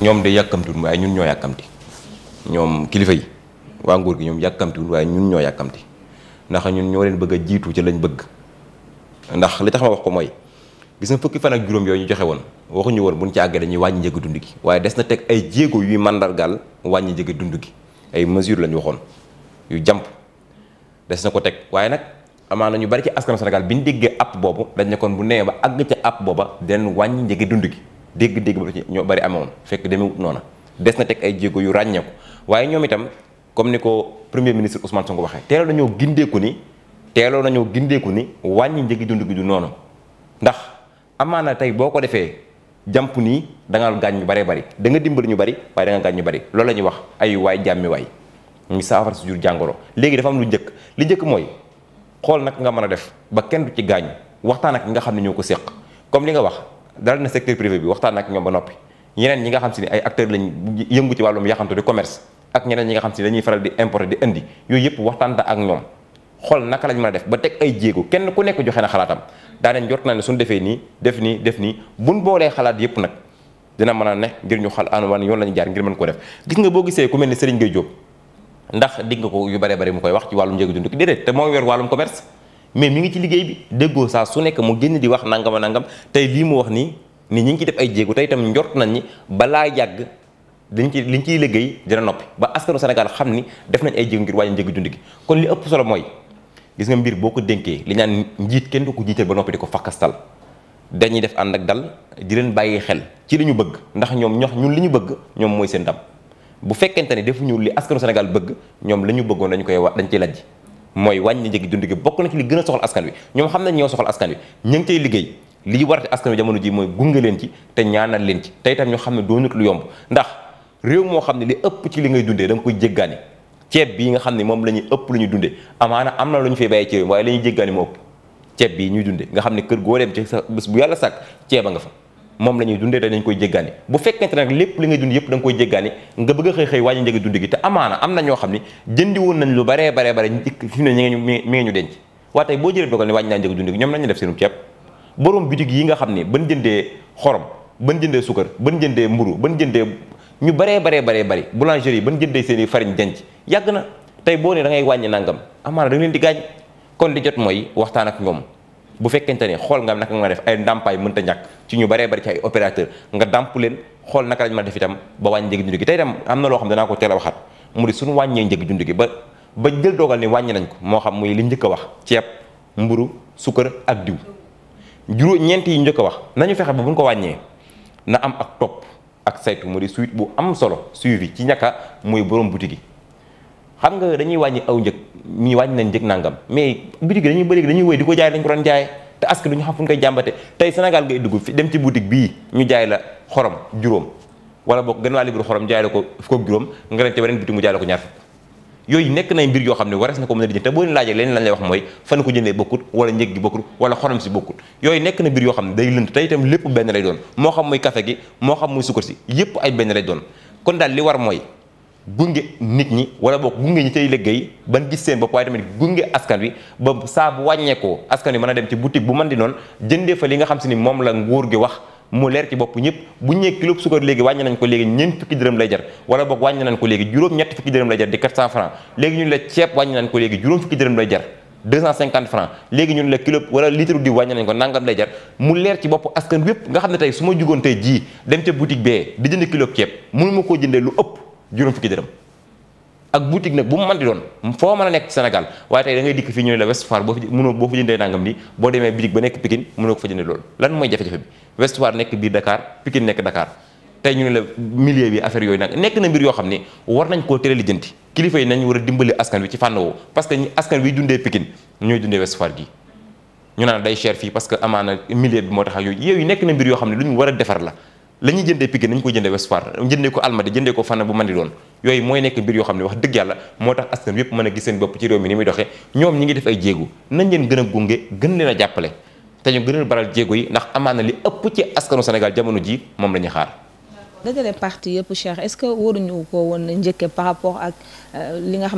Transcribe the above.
ñoom de yàkkamtiwul waaye ñun ñoo yàkkamti ñoom kilifa yi waa nguur gi ñoom yàkkamtiwul waaye ñun ñoo yàkkamti ndax ñun ñoo leen bëgg a jiitu ci lañ bëgg ndax li tax ma wax ko mooy gis nga fukki fan ak juróom yooyu ñu joxe woon waxuñu woon buñ ci àggee dañuy wàññi njëg dund gi waaye des na teg ay jéego yuy màndargaal wàññi njëg dund gi ay mesure lañu waxoon yu jàmp des na ko teg waaye nag amaana ñu bari ci askan Sénégal bi ñu déggee app boobu dañ ne kon bu nee ba àgg ca app booba den wàññi njëg dund gi dégg-dégg ba ci ñoo bari amoon fekk demewut noona des na teg ay jéego yu ràññeeku waaye ñoom itam comme ni ko premier ministre Ousmane Sonko waxee teeloo nañoo gindeeku ni teeloo nañoo gindeeku ni wàññi njëgi dund gi du noonu ndax amaana tey boo ko defee jàmp nii da nga gaañ ñu baree bari da nga dimbali ñu bari waaye da nga gaañ ñu bari loolu la ñuy wax ay waay jàmmi waay ñu saafara su jur jàngoro léegi dafa am lu njëkk li njëkk mooy xool nag nga mën a def ba kenn du ci gaañu waxtaan ak nga xam ne ñoo ko séq comme li nga wax dal na secteur privé bi waxtaan ak ñoom ba noppi yeneen ñi nga xam si ne ay acteurs lañ yëngu ci wàllum yaxantu di commerce ak ñeneen ñi nga xam si ne dañuy faral di importer di indi yooyu yëpp waxtaan ak ñoom xool naka lañ mën a def ba teg ay jéego kenn ku nekk joxe na xalaatam daaneen jot naa ne suñ defee nii def nii def nii buñ boolee xalaat yëpp nag dina mën a ne ngir ñu xal an wan yoon la ñu jaar ngir mën ko def gis nga boo gisee ku mel ni Serigne ndax digg nga ko yu bare bare mu wax ci wàllum njëgu dund ki te moo yor wàllum commerce mais mu ngi ci liggéey bi déggoo saa su nekk mu génn di wax nangama nangam tey lii mu wax nii ni ñu ngi ci def ay jéego tey itam njort nañ ni balaa yàgg dañ ci liñ ciy liggéey dina noppi ba askanu Sénégal xam ni def nañ ay jéego ngir wàññi njëg dund gi kon li ëpp solo mooy gis nga mbir boo ko dénkee li naan njiit kenn du ko jiital ba noppi di ko fakkastal dañuy def ànd ak dal di leen bàyyi xel ci li ñu bëgg ndax ñoom ñox ñun li ñu bëgg ñoom mooy seen ndam bu fekkente ne defuñu li askanu Sénégal bëgg ñoom la ñu bëggoon dañ koy wax dañ ciy lajj mooy wàññi njëgi dund gi bokk na ci li gën a soxal askan wi ñoom xam nañ ñoo soxal askan wi ñu ngi liggéey li warate askan wi jamono ji mooy gunge leen ci te ñaanal leen ci tey itam ñoo xam ne doonut lu yomb ndax réew moo xam ne li ëpp ci li ngay dundee da nga koy jéggaani ceeb bii nga xam ne moom la ñuy ëpp lu ñu dundee amaana am na lu ñu fay bàyyi ci waaye la ñuy jéggaani moo ëpp ceeb bii ñuy dundee nga xam ne kër goo dem ci sa bés bu yàlla sàkk ceeba nga fa moom la ñuy dundee dañ koy jéggaani bu fekkente nag lépp li ngay dund yëpp da nga koy jéggaani nga bëgg a xëy xëy wàññi njëgi dund gi te amaana am na ñoo xam ni jëndi woon nañ lu baree baree bare fi mu ne ñu mi ñu denc waaye tey boo jëlee dogal ne wàññi naa njëgi dund gi ñoom nañu def seenu ceeb borom yi nga xam ni ban jëndee xorom ban jëndee sukar ban jëndee mburu ba ban jëndee ñu baree bare baree bari boulangerie yi ban jëndee seen i farine denc yàgg na tey boo ne da ngay wàññi nangam amaana da leen di gaañ kon li jot mooy waxtaan ak ñoom bu fekkente ne xool nga naka nga def ay ndàmpaay mënta ñàkk ci ñu baree bari ci ay opérateur nga dàmp leen xool naka lañ mën a def itam ba wàññi njëg dund gi tey dem am na loo xam ne ko teel a waxaat mu di suñu wàññee njëg dund gi ba ba jël dogal ni wàññi nañ ko moo xam muy li njëkk a wax ceeb mburu sukkar ak diw juróom ñeent njëkk a wax nañu fexe bi buñ ko wàññee na am ak topp ak saytu mu di suite bu am solo suivi ci ñàkka muy borom buti gi xam nga dañuy wàññi aw njëg ñi wàññi nañ jëg nangam mais boutique dañuy bëri dañuy wëy di ko jaay dañ ko doon jaay te askan duñu xam fu ñu koy jàmbate tey Sénégal ngay dugg fi dem ci boutique bii ñu jaay la xorom juróom wala boog gën waa libru xorom jaay la ko fukk juróom nga dem ci beneen boutique mu jaay la ko ñaar yooyu nekk nay mbir yoo xam ne warees na a lijjanti te boo laajee leneen lañ lay wax mooy fan ko jëndee bokkut wala njëg gi bokkut wala xorom mbir yoo xam ne day lënt tey itam lépp benn lay doon moo xam muy café gi moo xam muy sukkar si yépp ay benn lay doon kon daal li war mooy gunge nit ñi wala boog gunge ñi cay liggéey ban gis seen bopp waaye tamit gunge askan wi ba saa bu wàññeekoo askan wi mën a dem ci boutique bu man di noonu jënde fa li nga xam si ni moom la nguur gi wax mu leer ci bopp ñëpp bu ñu nee kilo sukar nañ ko léegi ñeent fukki dërëm lay jar wala boog wàññi ko léegi juróom ñetti fukki dërëm lay jar di 400 ñu ne la ceeb wàññi nañ jar 250 francs léegi ñun la kilo wala litre diw wàññi ko nangam lay jar mu leer ci bopp askan wépp nga xam ne tey su ma jugoon tey jii dem ca boutique bee di jënd kilo ceeb munuma koo jëndee lu ëpp juróom fukki dërëm ak boutique nag bu mu mën di doon foo mën a nekk Sénégal waaye tey da dikk fii ñu ne la West boo fi mënoo boo fa jëndee nangam nii boo demee boutique ba nekk Pikine mënoo ko fa jëndee loolu lan mooy jafe-jafe bi West Foire nekk biir Dakar Pikine nekk Dakar tey ñu ne la milieu bi affaire yooyu nag nekk na mbir yoo xam ne war nañ koo teel a kilifa yi nañ war a askan wi ci fànn woowu parce que askan wi dundee Pikine ñooy dundee West Foire gi ñu naan day cher fii parce que amaana milieu bi moo tax ak yooyu yooyu nekk na mbir yoo xam ne lu ñu war a defar la la ñuy jëndee Pikine nañ koy jëndee Ouest Foire jëndee ko Almadies jëndee ko fànn bu mën di doon yooyu mooy nekk mbir yoo xam ne wax dëgg yàlla moo tax askan yépp mën a gis seen bopp ci réew mi ni muy doxee ñoom ñi ngi def ay jéego nañ leen gën a gunge gën leen a jàppale te ñu gën baral jéego yi ndax amaan na li ëpp ci askanu Sénégal jamono ji moom la ñuy xaar dajale parti yëpp Cheikh est-ce que waruñu ko woon njëkke par rapport ak euh, li nga xam